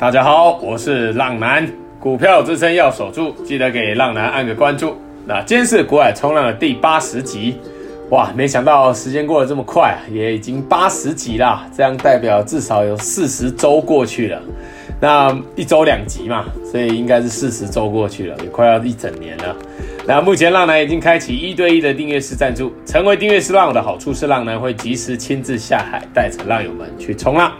大家好，我是浪男，股票支撐要守住，記得給浪男按個關注。那今天是股海衝浪的第八十集，哇，沒想到時間過得這麼快，也已經八十集啦，這樣代表至少有四十週過去了。那一週兩集嘛，所以應該是四十週過去了，也快要一整年了。那目前浪男已經開啟一對一的訂閱式贊助，成為訂閱式浪友的好處是浪男會及時親自下海，帶着浪友們去衝浪。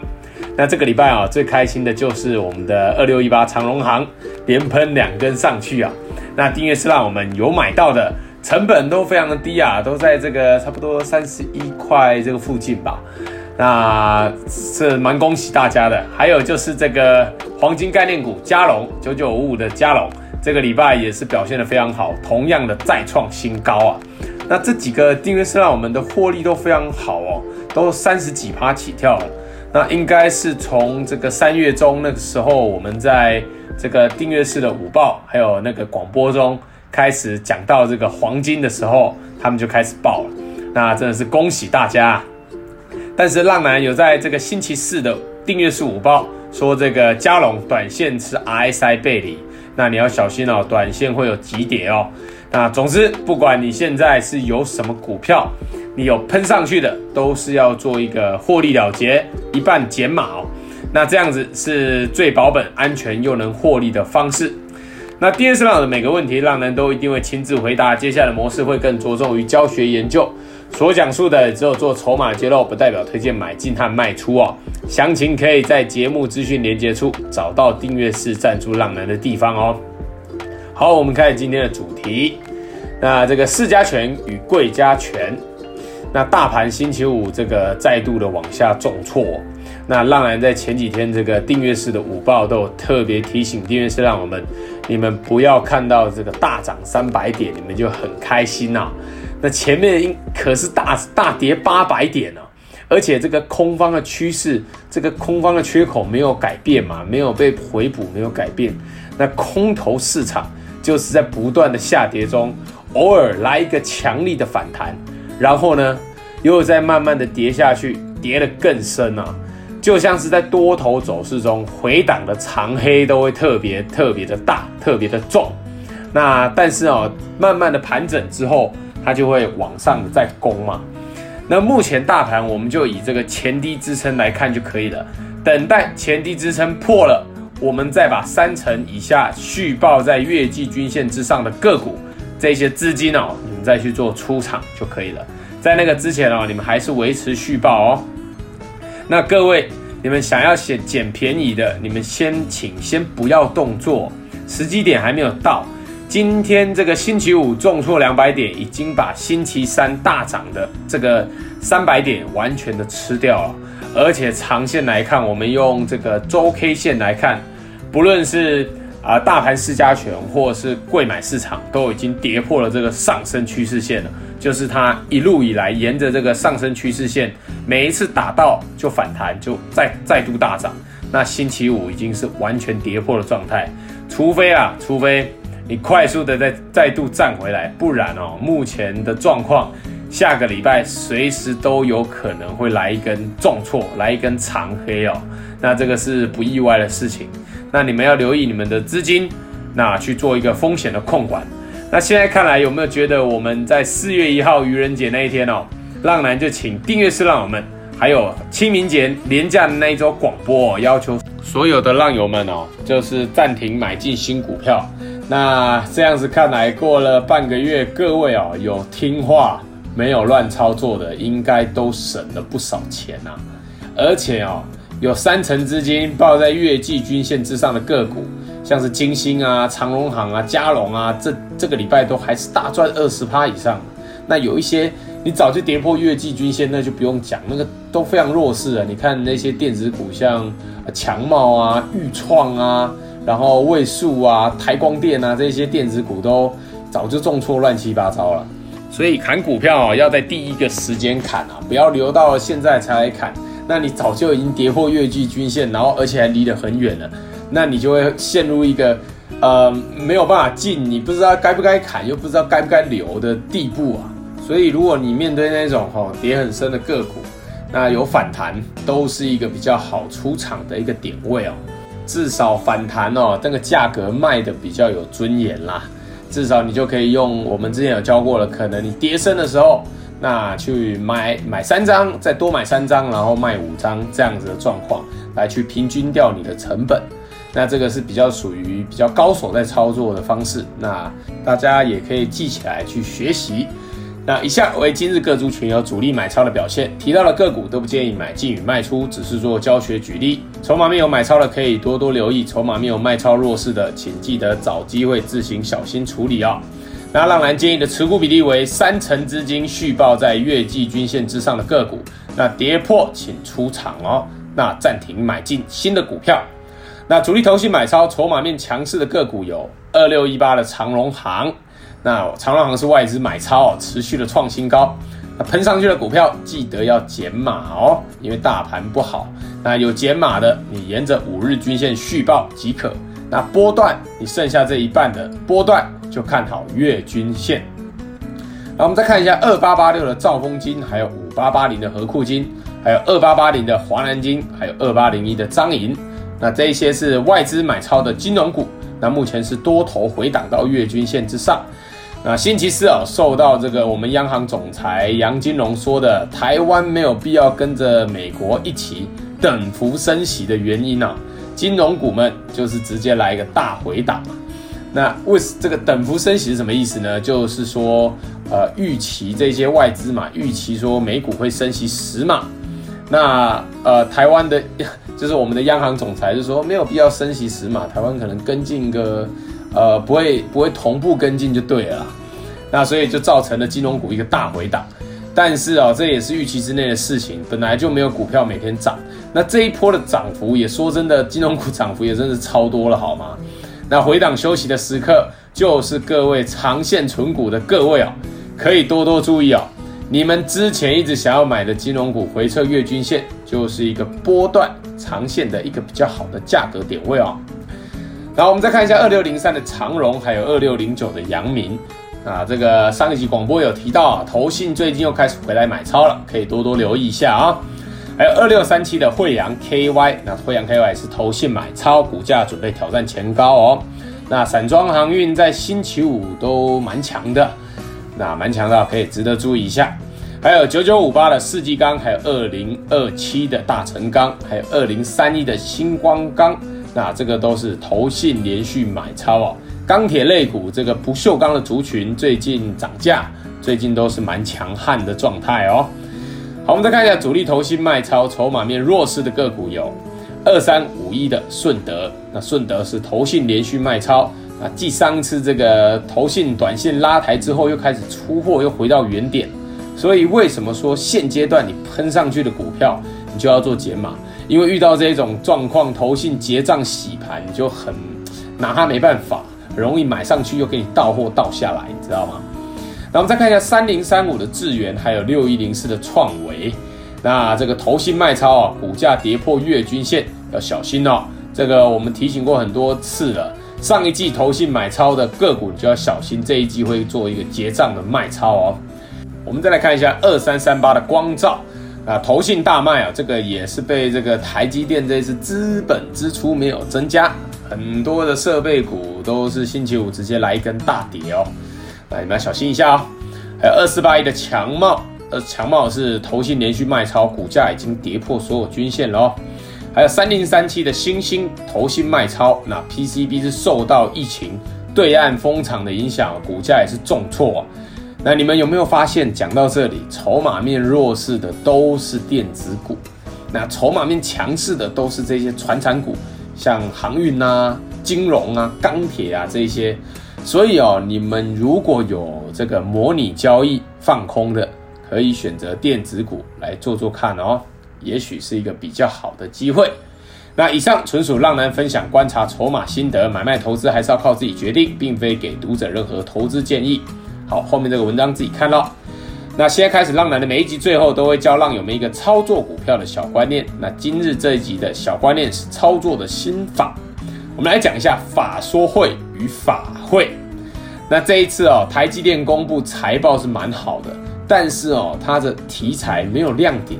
那這個禮拜啊，最開心的就是我們的二六一八長榮航連噴兩根上去啊。那訂閱式浪友們有買到的，成本都非常的低啊，都在這個差不多三十一塊這個附近吧。那是蠻恭喜大家的。還有就是這個黃金概念股佳龍九九五五的佳龍，這個禮拜也是表現得非常好，同樣的再創新高啊。那這幾個訂閱式浪友們的獲利都非常好哦，都三十幾趴起跳。那應該是從這個三月中那個時候，我們在這個訂閱式的午報還有那個廣播中開始講到這個黃金的時候，他們就開始抱了。那真的是恭喜大家。但是浪男有在這個星期四的訂閱式午報說，這個佳龍短線是 RSI 背離，那你要小心哦，短線會有急跌哦。那總之，不管你現在是有什麼股票。你有噴上去的，都是要做一個獲利了結，一半減碼哦。那這樣子是最保本、安全又能獲利的方式。那訂閱式浪友的每個問題，浪男都一定會親自回答。接下來的模式會更着重於教學研究，所講述的只有做籌碼揭露，不代表推薦買進和賣出哦。詳情可以在節目資訊連結處找到訂閱式贊助浪男的地方哦。好，我們開始今天的主題，那這個市加權與櫃加權那大盤星期五這個再度的往下重挫，那浪男在前幾天這個訂閱式的午報都有特別提醒訂閱式，讓我們你們不要看到這個大漲三百點，你們就很開心吶、啊。那前面可是大大跌八百點呢、啊，而且這個空方的趨勢，這個空方的缺口沒有改變嘛，沒有被回補，沒有改變。那空頭市場就是在不斷的下跌中，偶爾來一個強力的反彈，然後呢，又再慢慢的跌下去，跌得更深啊，就像是在多頭走勢中回檔的長黑都會特別特別的大，特別的重。那但是哦，慢慢的盤整之後，它就會往上再攻嘛。那目前大盤我們就以這個前低支撐來看就可以了，等待前低支撐破了，我們再把三成以下續抱在月季均線之上的個股，這些資金哦，你們再去做出場就可以了。在那個之前哦，你們還是維持續抱哦。那各位，你們想要撿撿便宜的，你們先請先不要動作，時機點還沒有到。今天這個星期五重挫兩百點，已經把星期三大漲的這個三百點完全的吃掉了。而且長線來看，我們用這個周 K 線來看，不論是啊大盤市加權或是櫃買市場，都已經跌破了這個上升趨勢線了。就是它一路以來沿着這個上升趨勢線，每一次打到就反彈，就再再度大漲。那星期五已經是完全跌破的狀態，除非啊，除非你快速的再再度站回來，不然哦，目前的狀況，下個禮拜隨時都有可能會來一根重挫，來一根長黑哦。那這個是不意外的事情。那你們要留意你們的資金，那去做一個風險的控管。那現在看來，有沒有覺得我們在四月一號愚人節那一天哦，浪男就請訂閱式浪友們，還有清明節價假的那一周廣播，哦，要求所有的浪友們哦，就是暫停買進新股票。那這樣子看來，過了半個月，各位哦有聽話沒有亂操作的，應該都省了不少錢吶、啊。而且哦，有三成資金抱在月季均線之上的個股。像是精星啊、長榮航啊、佳龍啊，這這個禮拜都還是大賺二十趴以上。那有一些你早就跌破月季均線，那就不用講，那個都非常弱勢了。你看那些電子股，像強茂啊、裕創啊，然後衛數啊、台光電啊，這些電子股都早就重挫，亂七八糟了。所以砍股票啊，要在第一個時間砍啊，不要留到了現在才來砍，那你早就已經跌破月季均線，然後而且還離得很遠了。那你就會陷入一個，呃，沒有辦法進，你不知道該不該砍，又不知道該不該留的地步啊。所以，如果你面對那種哈、哦、跌很深的個股，那有反彈都是一個比較好出場的一個點位哦。至少反彈哦，那個價格賣得比較有尊嚴啦。至少你就可以用我們之前有教過的，可能你跌深的時候，那去買買三張，再多買三張，然後賣五張這樣子的狀況，來去平均掉你的成本。那這個是比較屬於比較高手在操作的方式，那大家也可以記起來去學習。那以下為今日各族群有主力買超的表現，提到的個股都不建議買進與賣出，只是做教學舉例。籌碼面有買超的可以多多留意，籌碼面有賣超弱勢的，請記得找機會自行小心處理哦。那浪男建議的持股比例為三成資金續抱在月季均線之上的個股，那跌破請出場哦。那暫停買進新的股票。那主力投信買超，籌碼面強勢的個股有二六一八的長榮航，那長榮航是外資買超持續的創新高，那噴上去的股票記得要減碼哦，因為大盤不好。那有減碼的，你沿着五日均線續抱即可。那波段，你剩下這一半的波段就看好月均線。那我們再看一下二八八六的兆豐金，還有五八八零的合庫金，還有二八八零的華南金，還有二八零一的彰銀。那這一些是外資買超的金融股，那目前是多頭回擋到月均線之上。那星期四啊，受到這個我們央行總裁楊金龍說的台灣沒有必要跟着美國一起等幅升息的原因啊，金融股們就是直接來一個大回檔。那為什 t 這個等幅升息是什麼意思呢？就是說，呃，預期這些外資嘛，預期說美股會升息十碼，那呃，台灣的。就是我們的央行總裁就說沒有必要升息十碼，台灣可能跟進個，呃，不會不會同步跟進就對了啦。那所以就造成了金融股一個大回檔。但是啊、哦，這也是預期之內的事情，本來就沒有股票每天漲。那這一波的漲幅也說真的，金融股漲幅也真的是超多了，好嗎？那回檔休息的時刻，就是各位長線存股的各位啊、哦，可以多多注意啊、哦。你們之前一直想要買的金融股回測月均線，就是一個波段。長線的一個比較好的價格點位哦，然後我們再看一下二六零三的長榮，還有二六零九的陽明啊，這個上一集廣播有提到啊，投信最近又開始回來買超了，可以多多留意一下啊，還有二六三七的慧洋 KY，那慧洋 KY 也是投信買超，股價準備挑戰前高哦，那散裝航運在星期五都蠻強的，那蠻強的，可以值得注意一下。還有九九五八的世紀鋼，還有二零二七的大成鋼，還有二零三一的新光鋼，那這個都是投信連續買超哦。鋼鐵類股這個不鏽鋼的族群最近漲價，最近都是蠻強悍的狀態哦。好，我們再看一下主力投信賣超、籌碼面弱勢的個股有二三五一的順德，那順德是投信連續賣超，啊，繼上次這個投信短線拉抬，之後，又開始出貨，又回到原點.所以為什麼說現階段你噴上去的股票，你就要做減碼？因為遇到這種狀況，投信結賬洗盤，你就很拿它沒辦法，很容易買上去又給你倒貨倒下來，你知道嗎？然後我們再看一下三零三五的智原，還有六一零四的創惟。那這個投信賣超啊，股價跌破月均線要小心哦。這個我們提醒過很多次了，上一季投信買超的個股，你就要小心，這一季會做一個結賬的賣超哦。我們再來看一下二三三八的光罩。啊，投信大賣啊，這個也是被這個台積電這次資本支出沒有增加，很多的設備股都是星期五直接來一根大跌哦，那你們要小心一下哦。還有二四八一的強茂，呃，強茂是投信連續賣超，股價已經跌破所有均線了哦。還有三零三七的欣興投信賣超，那 PCB 是受到疫情對岸封廠的影響，股價也是重挫啊。那你們有沒有發現，講到這裡，籌碼面弱勢的都是電子股，那籌碼面強勢的都是這些傳產股，像航運啊、金融啊、鋼鐵啊這些。所以哦，你們如果有這個模擬交易放空的，可以選擇電子股來做做看哦，也許是一個比較好的機會。那以上純屬浪男分享觀察籌碼心得，買賣投資還是要靠自己決定，並非給讀者任何投資建議。好，後面這個文章自己看咯。那現在開始，浪男的每一集最後都會教浪友們一個操作股票的小觀念。那今日這一集的小觀念是操作的心法，我們來講一下法說會與法會。那這一次哦，台積電公布財報是蠻好的，但是哦，它的題材沒有亮點，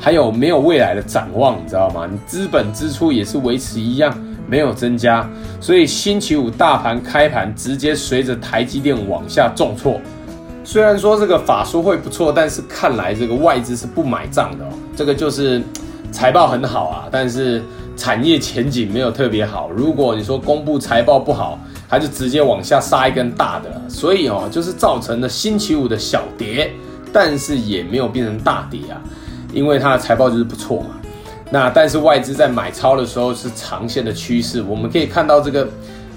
還有沒有未來的展望，你知道嗎？你資本支出也是維持一樣。沒有增加，所以星期五大盤開盤直接隨着台積電往下重挫。雖然說這個法說會不錯，但是看來這個外資是不買賬的哦。這個就是財報很好啊，但是產業前景沒有特別好。如果你說公布財報不好，他就直接往下殺一根大的。所以哦，就是造成了星期五的小跌，但是也沒有變成大跌啊，因為它的財報就是不錯嘛。那但是外資在買超的時候是長線的趨勢，我們可以看到這個，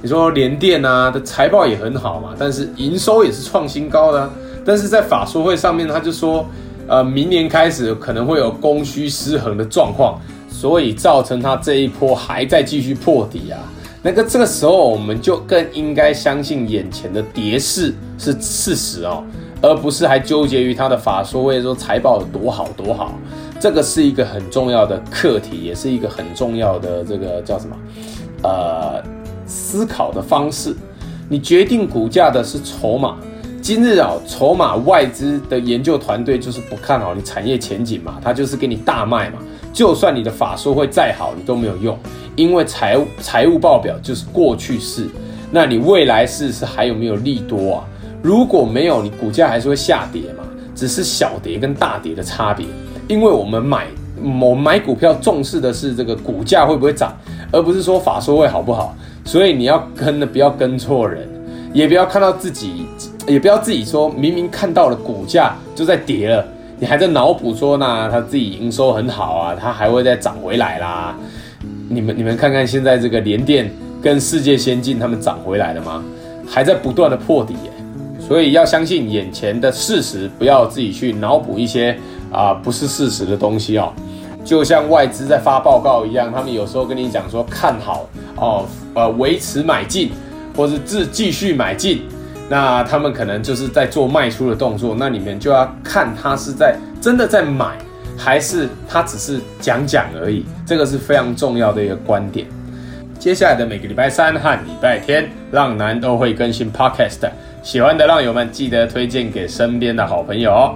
你說聯電啊的財報也很好嘛，但是營收也是創新高的啊，但是在法說會上面他就說，呃，明年開始可能會有供需失衡的狀況，所以造成他這一波還在繼續破底啊。那個這個時候我們就更應該相信眼前的跌勢是事實哦，而不是還糾結於他的法說會說財報有多好多好。這個是一個很重要的課題，也是一個很重要的這個叫什麼？呃，思考的方式。你決定股價的是籌碼。今日啊，籌碼外資的研究團隊就是不看好你產業前景嘛，他就是給你大賣嘛。就算你的法說會再好，你都沒有用，因為財務財務報表就是過去式。那你未來式是還有沒有利多啊？如果沒有，你股價還是會下跌嘛，只是小跌跟大跌的差別。因為我們買，我買股票重視的是這個股價會不會漲，而不是說法說會好不好。所以你要跟的不要跟錯人，也不要看到自己，也不要自己說明明看到了股價就在跌了，你還在腦補說那他自己營收很好啊，他還會再漲回來啦。你們你們看看現在這個聯電跟世界先進，他們漲回來了嗎？還在不斷的破底、欸，所以要相信眼前的事實，不要自己去腦補一些。啊、呃，不是事實的東西哦，就像外資在發報告一樣，他們有時候跟你講說看好哦、呃，呃，維持買進，或是繼繼續買進，那他們可能就是在做賣出的動作，那你們就要看他是在真的在買，還是他只是講講而已，這個是非常重要的一個觀點。接下來的每個禮拜三和禮拜天，浪男都會更新 Podcast，喜歡的浪友們記得推薦給身邊的好朋友、哦。